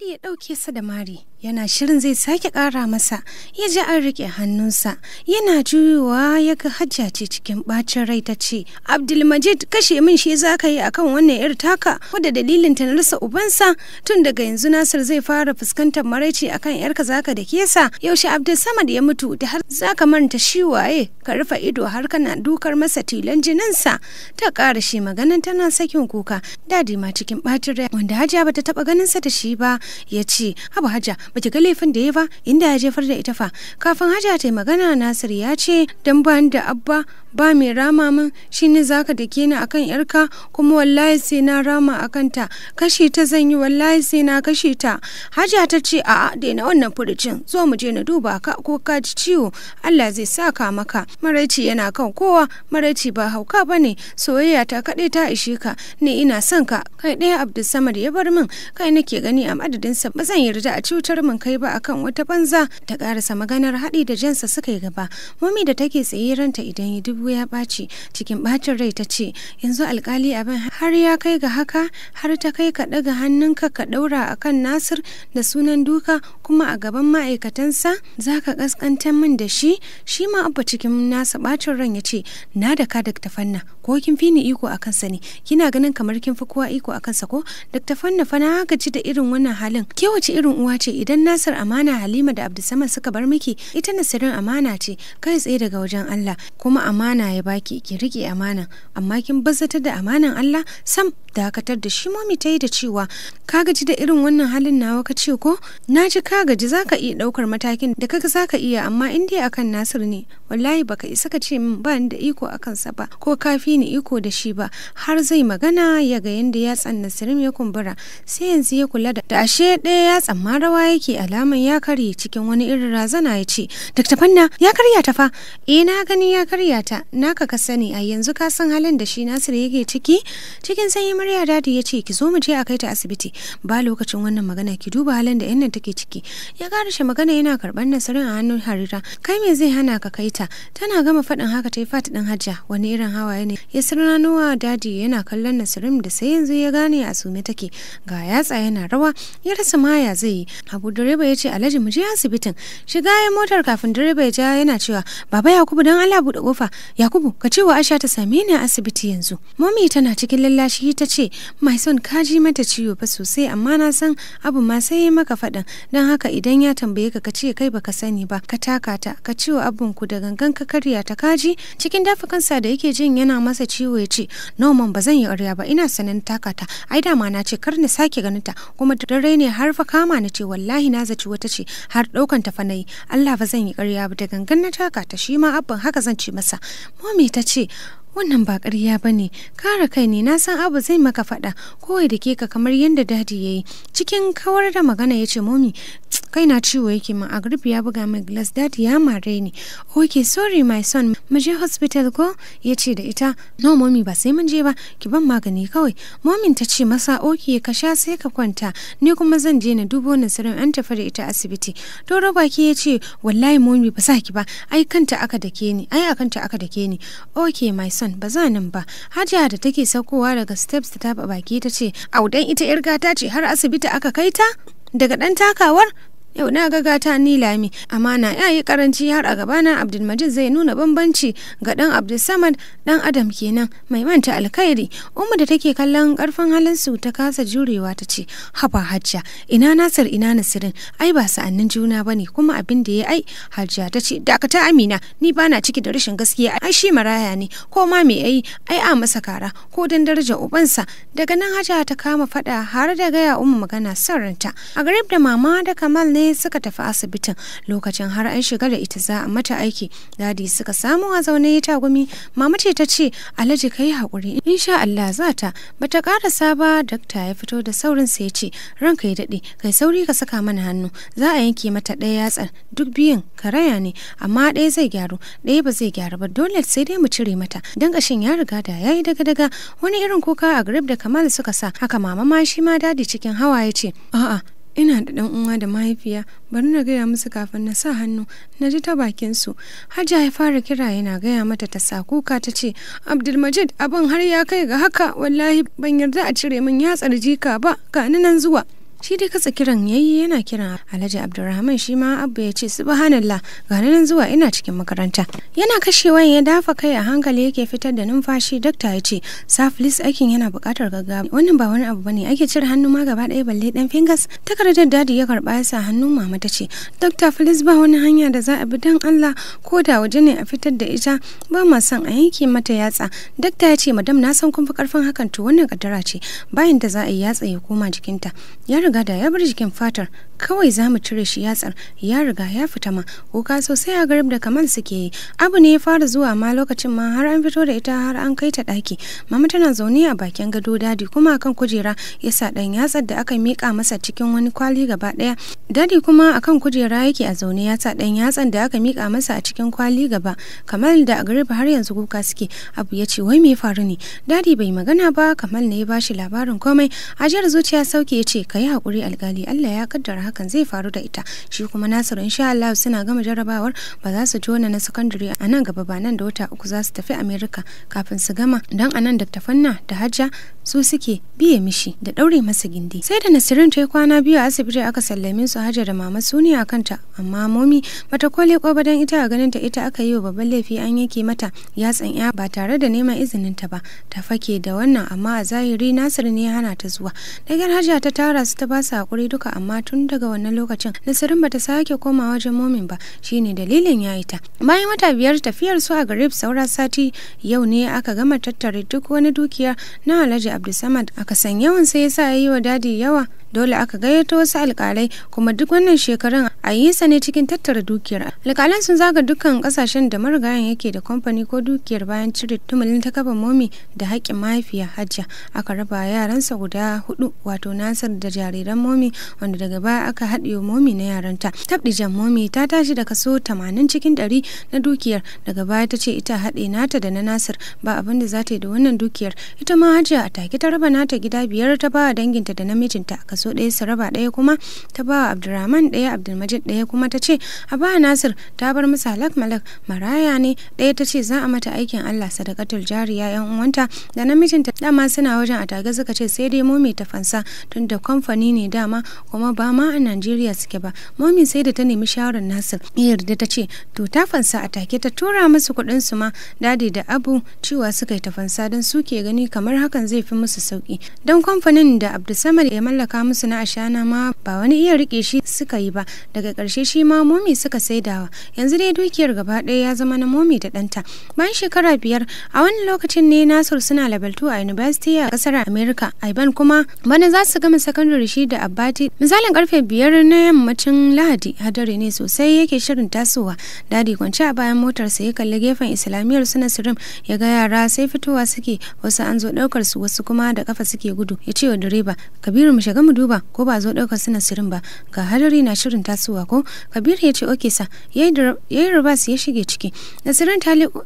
daɗi ya ɗauke sa da mari yana shirin zai sake ƙara masa ya ji an riƙe hannunsa yana juyowa ya ga hajja ce cikin bacin rai ta ce abdulmajid kashe min shi za ka yi a kan wannan yar taka ko da dalilin ta rasa ubansa tun daga yanzu nasir zai fara fuskantar maraici akan yarka ka da kesa yaushe abdul samad ya mutu da har za ka manta shi waye ka rufe ido har kana dukar masa tilan jininsa ta ƙara shi maganan tana sakin kuka dadi ma cikin bacin rai wanda ba ta taɓa ganin sa da shi ba ya ce haba haja baki ga laifin da ya ba inda ya jefar da ita fa kafin haja ta yi magana nasir ya ce dan ba da abba ba mai rama min shine zaka da ke ni akan yarka kuma wallahi sai na rama akan ta kashi ta zan yi wallahi sai na kashi ta haja ta ce a'a daina wannan furucin zo mu je na duba ka ko ka ji ciwo Allah zai sa ka maka maraici yana kan kowa maraici ba hauka bane soyayya ta kaɗai ta ishe ka ni ina son ka kai ɗaya abdulsamad ya bar min kai nake gani a adadinsa ba zan yarda a cutar mun kai ba akan wata banza ta karasa maganar haɗi da jansa suka yi gaba mami da take tsaye ranta idan ya dubu ya ɓaci cikin ɓacin rai ta ce yanzu alkali abin har ya kai ga haka har ta kai ka ɗaga hannunka ka ɗaura akan nasir da sunan duka kuma a gaban ma'aikatansa za ka ƙasƙantar min da shi shi ma abba cikin nasa ɓacin ran ya ce na da ka dakta fanna ko kin fi ni iko a kansa ne kina ganin kamar kin fi kowa iko a kansa ko dakta fanna fa na gaji da irin wannan halin ke wace irin uwa ce idan Nasir amana Halima da Abdulsamad suka bar miki ita Nasirin amana ce kai tsaye daga wajen Allah kuma amana ya baki ki rike amana amma kin bazzatar da amanan Allah sam dakatar da shi momi ta yi da cewa ka gaji da irin wannan halin nawa ka ce ko na ji ka gaji za ka iya daukar matakin da kaga za ka iya amma in dai akan nasir ne wallahi baka isa ka ce min ba da iko a kansa ba ko kafi ni iko da shi ba har zai magana ya ga yanda tsanna nasirim ya kumbura sai yanzu ya kula da ashe ɗaya ya tsamma rawa yake alaman ya karye cikin wani irin razana ya ce dr fanna ya karya ta fa eh na gani ya karya ta naka ka sani a yanzu ka san halin da shi nasir yake ciki cikin sanyi amarya dadi ya ce ki zo mu je a kai ta asibiti ba lokacin wannan magana ki duba halin da yannan take ciki ya karshe magana yana karban nasarin a hannun harira kai me zai hana ka kai ta tana gama faɗin haka ta yi fata ɗin hajja wani irin hawaye ne ya sirranowa dadi yana kallon nasirin da sai yanzu ya gane a sume take ga yatsa yana rawa ya rasa maya zai yi abu direba ya ce alhaji mu je asibitin shiga ya motar kafin direba ya ja yana cewa baba yakubu don allah buɗe kofa yakubu ka ce wa aisha ta same ni a asibiti yanzu mami tana cikin lallashi ta ce mai son kaji mata ciwo fa sosai amma na san abu ma sai ya maka faɗin don haka idan ya tambaye ka ka ce kai baka sani ba ka taka ta ka ciwo abun ku da gangan ka karya ta kaji cikin dafa kansa da yake jin yana masa ciwo ya ce noman ba zan yi ƙarya ba ina sanin taka ta ai dama na ce kar ni sake ganin ta kuma dare ne har fa kama na ce wallahi na zaci wata ce har ɗaukan ta fa na yi Allah ba zan yi ƙarya ba da gangan na taka ta shi ma abun haka zan ce masa mami ta ce wannan ba ƙarya ba ne kare kai ne na san abu zai maka faɗa kowai da ke ka kamar yadda dadi ya yi cikin kawar da magana ya ce momi kai na ciwo yake min agrip ya buga mai glass dadi ya mare ni ok sorry my son mu je hospital ko ya ce da ita no momi ba sai mun je ba ki ban magani kawai momin ta ce masa ok ka sha sai ka kwanta ni kuma zan je na dubo nasirin an tafi da ita asibiti doro baki ya ce wallahi momi ba sa ki ba ai kanta aka dake ni ai aka dake ni ok my son nan ba za nan ba. Hajiya da take saukowa daga steps ta taba baki ta ce, "Audan ita 'yar gata ce har asibiti aka kai ta?" daga ɗan takawar yau na ga gata ni lami amma na ya yi karanci har a gabana abdulmajid zai nuna bambanci ga dan abdulsamad dan adam kenan mai manta alkhairi umma da take kallon karfin halin su ta kasa jurewa ta ce haba hajja ina nasir ina nasirin ai ba sa'annin juna bane kuma abin da ya ai hajja ta ce dakata amina ni bana ciki da rashin gaskiya ai shi maraya ne ko ma me ai ai a masa kara ko dan daraja ubansa daga nan hajja ta kama fada har da gaya umma magana son a garib da mama da kamal ne ne suka tafi asibitin lokacin har an shiga da ita za a mata aiki dadi suka samu a zaune ya tagumi mama ce ta ce alhaji ka yi in sha Allah za ta bata karasa ba dakta ya fito da saurin sa ya ce ranka ya daɗe kai sauri ka saka mana hannu za a yanke mata ɗaya yatsar duk biyun raya ne amma ɗaya zai gyaru ɗaya ba zai gyaru ba dole sai dai mu cire mata dan ƙashin ya riga da yayi daga daga wani irin kuka a grip da kamal suka sa haka mama ma shi ma dadi cikin hawa ya ce a'a ina da ɗan uwa da mahaifiya bari na gaya musu kafin na sa hannu na ji ta bakin su hajja ya fara kira yana gaya mata ta sa kuka ta ce abdulmajid abin har ya kai ga haka wallahi ban yarda a cire min yatsar jika ba ka nan zuwa shi dai katsa kiran yi yana kiran alhaji abdulrahman shi ma abu ya ce subhanallah ga nan zuwa ina cikin makaranta yana kashewa ya dafa kai a hankali yake fitar da numfashi dakta ya ce saflis aikin yana buƙatar gaggawa wannan ba wani abu bane ake cire hannu ma gaba ɗaya balle dan fingers takardar dadi ya karba ya sa hannu mama ta ce dakta flis ba wani hanya da za a bi dan allah ko da waje ne a fitar da ita ba ma son a yanke mata yatsa dakta ya ce madam na san kun fi karfin hakan to wannan kaddara ce bayan da za a yi yatsa ya koma jikinta ya riga da ya bar jikin fatar kawai za mu cire shi yatsar ya riga ya fita ma kuka sosai a garib da kamal suke yi abu ne ya fara zuwa ma lokacin ma har an fito da ita har an kai ta ɗaki mama tana zaune a bakin gado dadi kuma akan kujera ya sa ɗan yatsar da aka mika masa cikin wani kwali gaba ɗaya dadi kuma akan kujera yake a zaune ya sa ɗan yatsar da aka mika masa a cikin kwali gaba kamal da garib har yanzu kuka suke abu ya ce wai me ya faru ne dadi bai magana ba kamal ne ya bashi labarin komai ajiyar zuciya sauke ya ce ka yi hakuri alkali Allah ya kaddara hakan zai faru da ita shi kuma Nasiru insha Allah suna gama jarrabawar ba za su jona na sakandare a nan gaba ba nan da wata uku za su tafi Amerika kafin su gama dan anan da tafanna da hajja su suke biye mishi da daure masa gindi sai da Nasirin ta kwana biyu a asibiti aka sallame su hajja da mama suni a kanta amma momi mata kole ba dan ita a ganin ta ita aka yi wa babban laifi an yake mata ya ya ba tare da neman izinin ta ba ta fake da wannan amma a zahiri Nasir ne ya hana ta zuwa gar hajja ta tara su ta ba su haƙuri duka amma tun daga wannan lokacin nasirin bata sake komawa wajen momin ba shine dalilin ya yi ta bayan wata biyar tafiyar su a garib saura sati yau ne aka gama tattare duk wani dukiya na alhaji abdulsamad aka san yawan sai ya sa ya yi wa dadi yawa dole aka gayyato wasu alkalai kuma duk wannan shekarun a yi sa ne cikin tattara dukiyar alkalan sun zaga dukkan kasashen da marigayen yake da kamfani ko dukiyar bayan cire tumulin ta kafa momi da haƙƙin mahaifiya hajja aka raba yaransa guda hudu wato nasar da jariran momi wanda daga baya aka haɗiye momi na yaranta tabdijan momi ta tashi da kaso 80 cikin 100 na dukiyar daga baya ta ce ita haɗe nata da na nasar ba abin da za ta yi da wannan dukiyar ita ma hajja a take ta raba nata gida biyar ta ba danginta da namijinta kaso ɗaya raba ɗaya kuma ta ba abdulrahman ɗaya abdulmajid ɗaya kuma ta ce a ba nasir ta bar musu halak malak maraya ne ɗaya ta ce za a mata aikin allah sadakatul jariya yan uwanta da namijinta dama suna wajen a tage suka ce sai dai momi ta fansa tun da kamfani ne dama kuma ba ma a najeriya suke ba momi sai da ta nemi shawarar nasir yarda ta ce to ta fansa a take ta tura musu kuɗin su ma dadi da abu cewa suka yi ta fansa don suke gani kamar hakan zai fi musu sauki don kamfanin da abdulsamad ya mallaka musu na ashana ma ba wani iya rike shi suka yi ba daga ƙarshe shi ma momi suka saidawa yanzu dai dukiyar gaba ɗaya ya zama na momi da ɗanta bayan shekara biyar a wani lokacin ne nasur suna labaltu a university a ƙasar america aiban kuma bana za su gama sakandare shi da abbati misalin karfe biyar na yammacin lahadi hadari ne sosai yake shirin tasowa dadi kwance a bayan motarsa ya kalli gefen islamiyar suna sirim ya ga yara sai fitowa suke wasu an zo ɗaukar su wasu kuma da kafa suke gudu ya ce wa direba kabiru mu shiga mu duba ko ba zo ɗaukar suna sirin ba ga hadari na shirin tasowa ko kabiru ya ce oke sa ya yi rabas ya shige ciki nasirin ta leƙo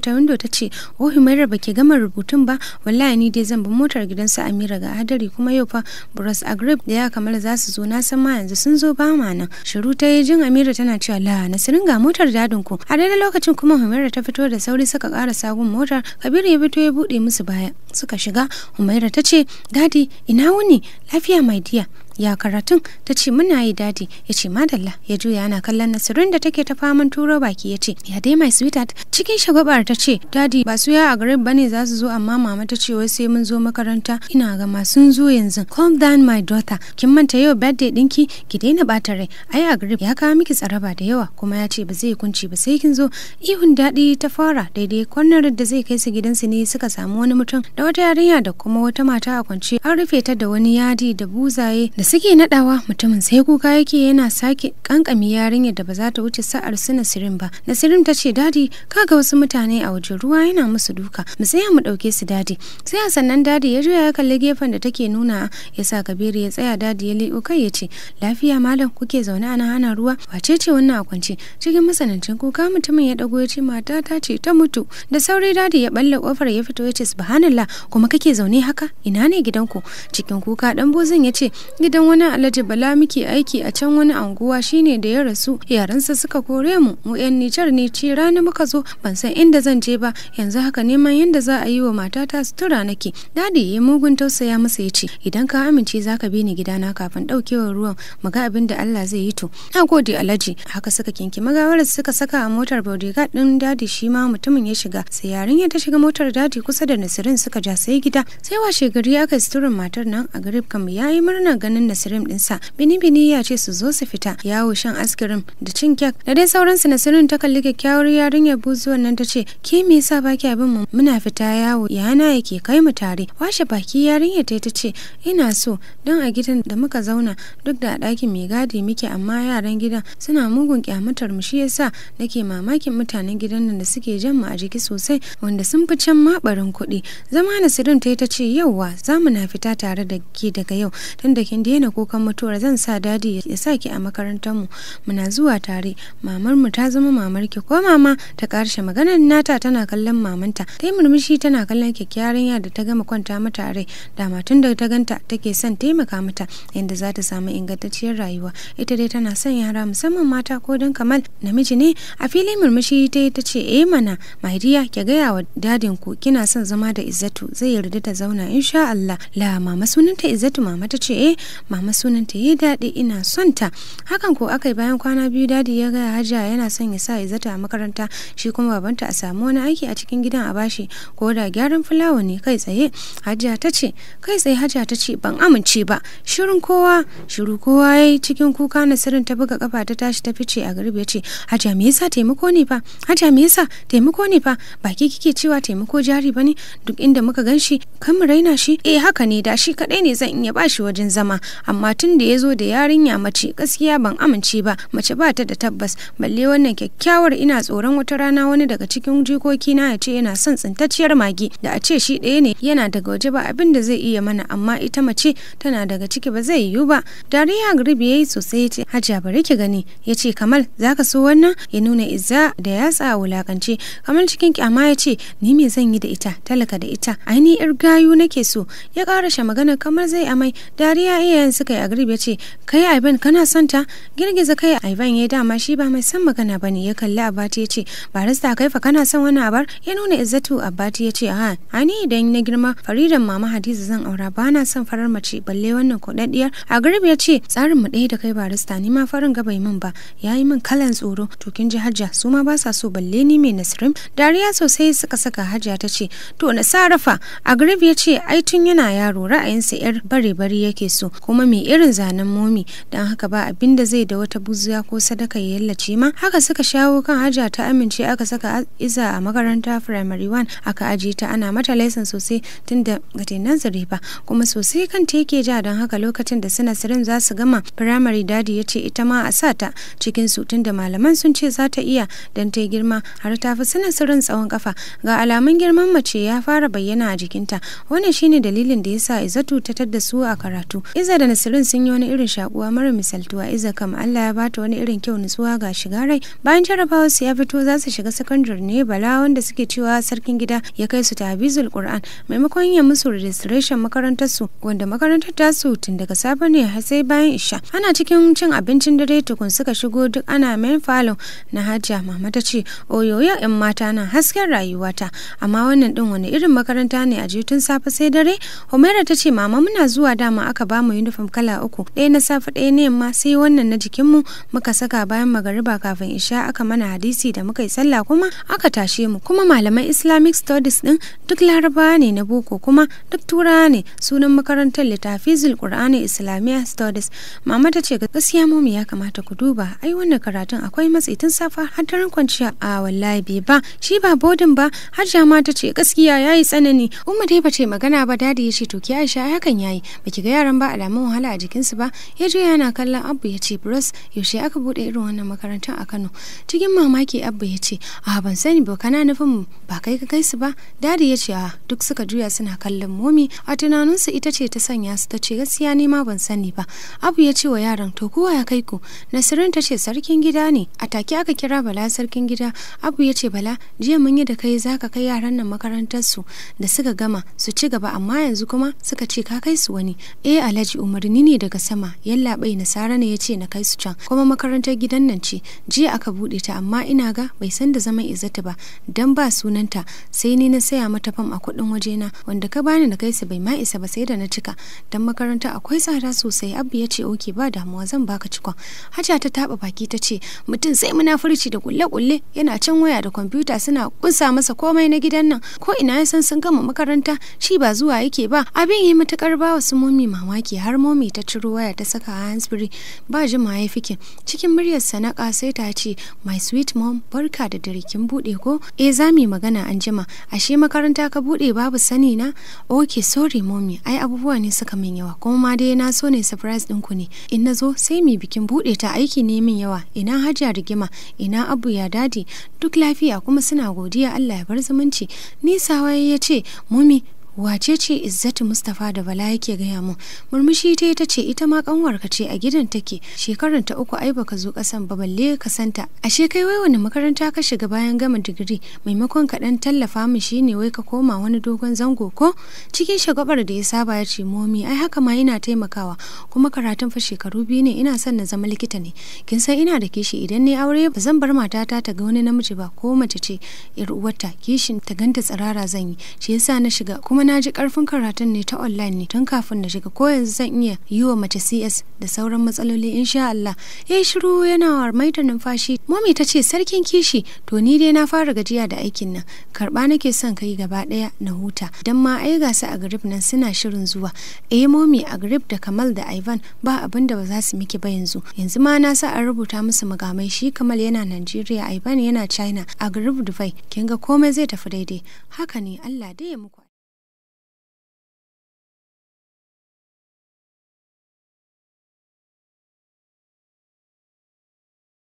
ta windo ta ce ohi humaira ba ke gama rubutun ba wallahi ni dai zan bi motar gidan su amira ga hadari kuma yau fa buras agrib da ya kamar za su zo na san ma yanzu sun zo ba ma nan shiru ta yi jin amira tana cewa la nasirin ga motar dadin ku a daidai lokacin kuma humaira ta fito da sauri suka ƙara sagun motar kabiru ya fito ya buɗe musu baya suka shiga humaira ta ce dadi ina wuni Have you, my dear? ya karatun ta ce muna yi dadi ya ce madalla ya juya ana kallon nasirin da take ta faman turo baki ya ce ya dai mai sweetheart cikin shagabar ta ce dadi ba su ya a garin bane za su zo amma mama ta ce wai sai mun zo makaranta ina ga masu zo yanzu calm down my daughter kin manta yau birthday dinki ki daina bata rai ai a garin ya kawo miki tsaraba da yawa kuma ya ce ba zai kunci ba sai kin zo ihun dadi ta fara daidai kwanar da zai kai su gidansu ne suka samu wani mutum da wata yarinya da kuma wata mata a kwance an rufe ta da wani yadi da buzaye da suke nadawa mutumin sai kuka yake yana sake kankami yarinyar da ba za ta wuce sa'ar su nasirin ba nasirin ta ce dadi kaga wasu mutane a wajen ruwa yana musu duka mu tsaya mu dauke su dadi sai a sannan dadi ya juya ya kalli gefen da take nuna ya sa kabiru ya tsaya dadi ya liƙo kai ya ce lafiya malam kuke zaune ana hana ruwa wace ce wannan a kwance cikin masanancin kuka mutumin ya dago ya ce mata ta ce ta mutu da sauri dadi ya balla kofar ya fito ya ce subhanallah kuma kake zaune haka ina ne gidanku cikin kuka dan bozin ya ce gidan wani alhaji bala muke aiki a can wani anguwa shine da ya rasu yaransa suka kore mu mu yan nijar ne ce rana muka zo ban san inda zan je ba yanzu haka neman yadda za a yi wa matata sutura nake dadi ya mugun tausaya masa ya ce idan ka amince za ka bi ni gidana kafin daukewar ruwan mu ga abin da Allah zai yi to na gode alhaji haka suka kinki magawar suka saka a motar bodyguard din dadi shi ma mutumin ya shiga sai yarinya ta shiga motar dadi kusa da nasirin suka ja sai gida sai washe gari aka suturin matar nan a garib ya yayi murna ganin hannun Nasirin dinsa. Bini bini ya ce su zo su fita yawo shan askirim da cin kek da dai sauransu Nasirim ta kalli kyakkyawar yarinyar buzuwar nan ta ce ke me yasa baki abin mu muna fita yawo yana yake kai mu tare washe baki yarinyar ta ta ce ina so don a gidan da muka zauna duk da a ɗakin mai gadi muke amma yaran gidan suna mugun kyamatar mu shi yasa nake mamakin mutanen gidan nan da suke jan mu a jiki sosai wanda sun fi can mabarin kuɗi zama Nasirin ta ta ce yauwa za mu na fita tare da ke daga yau tun da kin daina kukan mutuwar zan sa dadi ya sa ki a makarantar mu muna zuwa tare mamar mu ta zama mamar ki ko mama ta karshe maganar nata tana kallon mamanta ta yi murmushi tana kallon kyakkyawar yadda ta gama kwanta mata rai da matun da ta ganta take son taimaka mata yadda za ta samu ingantacciyar rayuwa ita dai tana son yara musamman mata ko don kamal namiji ne a filin murmushi ta ta ce eh mana mahdiya ki gaya wa dadin ku kina son zama da izzatu zai yarda ta zauna insha Allah la mama sunanta izzatu mama ta ce eh mama sunanta yi daɗi ina son ta hakan ko aka yi bayan kwana biyu dadi ya gaya hajiya yana son ya sa izata a makaranta shi kuma babanta a samu wani aiki a cikin gidan a bashi ko da gyaran fulawa ne kai tsaye hajiya ta ce kai tsaye hajiya ta ce ban amince ba shirin kowa shiru kowa ya yi cikin kuka na nasirin ta buga kafa ta tashi ta fice a garbe ce hajiya me yasa taimako ne fa hajiya me yasa taimako ne fa baki kike cewa taimako jari ba ne duk inda muka gan shi kan mu raina shi eh haka ne da shi kadai ne zan iya bashi wajen zama amma tun da ya zo da yarinya mace gaskiya ban amince ba mace ba ta da tabbas balle wannan kyakkyawar ina tsoron wata rana wani daga cikin jikoki na ya ce yana son tsintacciyar mage da a ce shi ɗaya ne yana daga waje ba abin da zai iya mana amma ita mace tana daga ciki ba zai yiwu ba dariya gribi ya yi sosai ya ce hajiya bari ki gani ya ce kamal zaka so wannan ya nuna izza da yatsa a wulakance kamal cikin kyama ya ce ni me zan yi da ita talaka da ita ainihin yar gayu nake so ya shi magana kamar zai amai dariya iya iyayen suka yi agrib ya ce kai Ivan kana son ta girgiza kai aiban ya dama shi ba mai son magana ba ne ya kalli Abati ya ce barista kai fa kana son wani abar ya nuna Izzatu Abati ya ce a ani idan na girma faridan mama Hadiza zan aura ba na son farar mace balle wannan kudaddiyar agrib ya ce tsarin mu ɗaya da kai barista ni ma farin gaba min ba ya yi min kalan tsoro to kin ji Hajja su ma ba sa so balle ni mai Nasrim dariya sosai suka saka Hajja ta ce to na sarafa agrib ya ce ai tun yana yaro ra'ayinsa yar bare bare yake so kuma mai irin zanen momi don haka ba abin da zai da wata buzuya ko sadaka ya yallace ma haka suka shawo kan haja ta amince aka saka iza a makaranta primary 1 aka aje ta ana mata laisan sosai tun da gatinan ba kuma sosai kan ta yake ja don haka lokacin da suna sirin za su gama primary dadi ya ce ita ma a sa ta cikin su tun da malaman sun ce za ta iya don ta girma har ta fi suna sirin tsawon kafa ga alamun girman mace ya fara bayyana a jikinta wannan shine dalilin da yasa izatu ta tadda su a karatu iza da Nasirin sun yi wani irin shakuwa mara misaltuwa Iza kam Allah ya bata wani irin kyau nutsuwa ga shiga rai. Bayan jarabawa su ya fito za su shiga sakandare ne Bala wanda suke cewa sarkin gida ya kai su tabizul Qur'an maimakon ya musu registration makarantar su wanda makarantar ta su tun daga safe ne har sai bayan isha. Ana cikin cin abincin dare tukun suka shigo duk ana main falon na hajja Mama ta ce oyo ya yan mata na hasken rayuwata amma wannan din wani irin makaranta ne a je tun safe sai dare. Humaira ta ce mama muna zuwa dama aka bamu uniform kala uku ɗaya na safe ɗaya na yamma sai wannan na jikinmu muka saka bayan magariba kafin isha aka mana hadisi da muka yi sallah kuma aka tashe mu kuma malaman islamic studies din duk laraba ne na boko kuma duk tura ne sunan makarantar littafi qur'ani islamiyya studies mama ta ce gaskiya momi ya kamata ku duba ai wannan karatun akwai matsi tun safa har daren kwanciya a wallahi bai ba shi ba bodin ba har ma ta ce gaskiya yayi tsanani umma dai ba ce magana ba dadi ya ce to ki aisha hakan yayi baki ga yaran ba alamu alamun wahala a jikinsu ba ya je yana kallon abu ya ce bros yaushe aka bude irin wannan makarantar a kano cikin mamaki abu ya ce a ban sani ba kana nufin ba kai ka kai su ba dadi ya ce a duk suka juya suna kallon momi a tunaninsu ita ce ta sanya su ta ce gaskiya ni ma ban sani ba abu ya ce wa yaran to kowa ya kai ku nasirin ta ce sarkin gida ne a take aka kira bala sarkin gida abu ya ce bala jiya mun yi da kai za ka kai yaran nan makarantar su da suka gama su ci gaba amma yanzu kuma suka ce ka kai su wani eh alhaji umarni ne daga sama yallaɓai nasara ne ya ce na kai su can kuma makarantar gidan nan ce jiya aka buɗe ta amma ina ga bai san da zaman izzata ba dan ba sunanta sai ni na saya mata fam a kuɗin wajena wanda ka bani na kai su bai ma isa ba sai da na cika dan makaranta akwai tsada sosai abu ya ce oke ba damuwa zan baka cikon haja ta taɓa baki ta ce mutum sai munafurci da kulle-kulle yana can waya da kwamfuta suna kunsa masa komai na gidan nan ko ina ya san sun gama makaranta shi ba zuwa yake ba abin yi matukar ba wasu mummi mamaki har har momi ta ciro waya ta saka a hansbury ba jimawa ya fikin cikin muryar na sai ta ce my sweet mom barka da dare kin buɗe ko eh za mu magana an jima ashe makaranta ka bude babu sani na ok sorry momi ai abubuwa ne suka min yawa kuma ma dai na so ne surprise ku ne in na zo sai mu bikin bude ta aiki ne min yawa ina hajiya rigima ina abu ya dadi duk lafiya kuma suna godiya Allah ya bar zumunci nisa ya ce mommy wace ce izzatu mustapha da bala yake gaya mun murmushi ta ita ce ita ma kanwarka ce a gidan take shekaran ta uku ai baka zo kasan ba balle ka santa ashe kai wai wani makaranta ka shiga bayan gama digiri maimakon ka dan tallafa min ne wai ka koma wani dogon zango ko cikin shagabar da ya saba ya ce momi ai haka ma ina taimakawa kuma karatun fa shekaru biyu ne ina son na zama likita ne kin san ina da kishi idan ne aure ba zan bar matata ta ga wani namiji ba ko mace ce yar uwarta kishin ta ganta tsirara zan yi shi yasa na shiga kuma na ji karfin karatun ne ta online ne tun kafin na shiga ko yanzu zan iya yi wa mace CS da sauran matsaloli insha Allah. Ya yi shiru yana maita numfashi. Mami ta ce sarkin kishi to ni dai na fara gajiya da aikin nan. Karba nake son kai gaba daya na huta. Dan ma ai su a grip nan suna shirin zuwa. Eh Mami a grip da Kamal da Ivan ba abin da ba za su miki ba yanzu. Yanzu ma na sa a rubuta musu magamai shi Kamal yana Najeriya Ivan yana China a grip Dubai. Kin ga komai zai tafi daidai. Haka ne Allah da ya muku.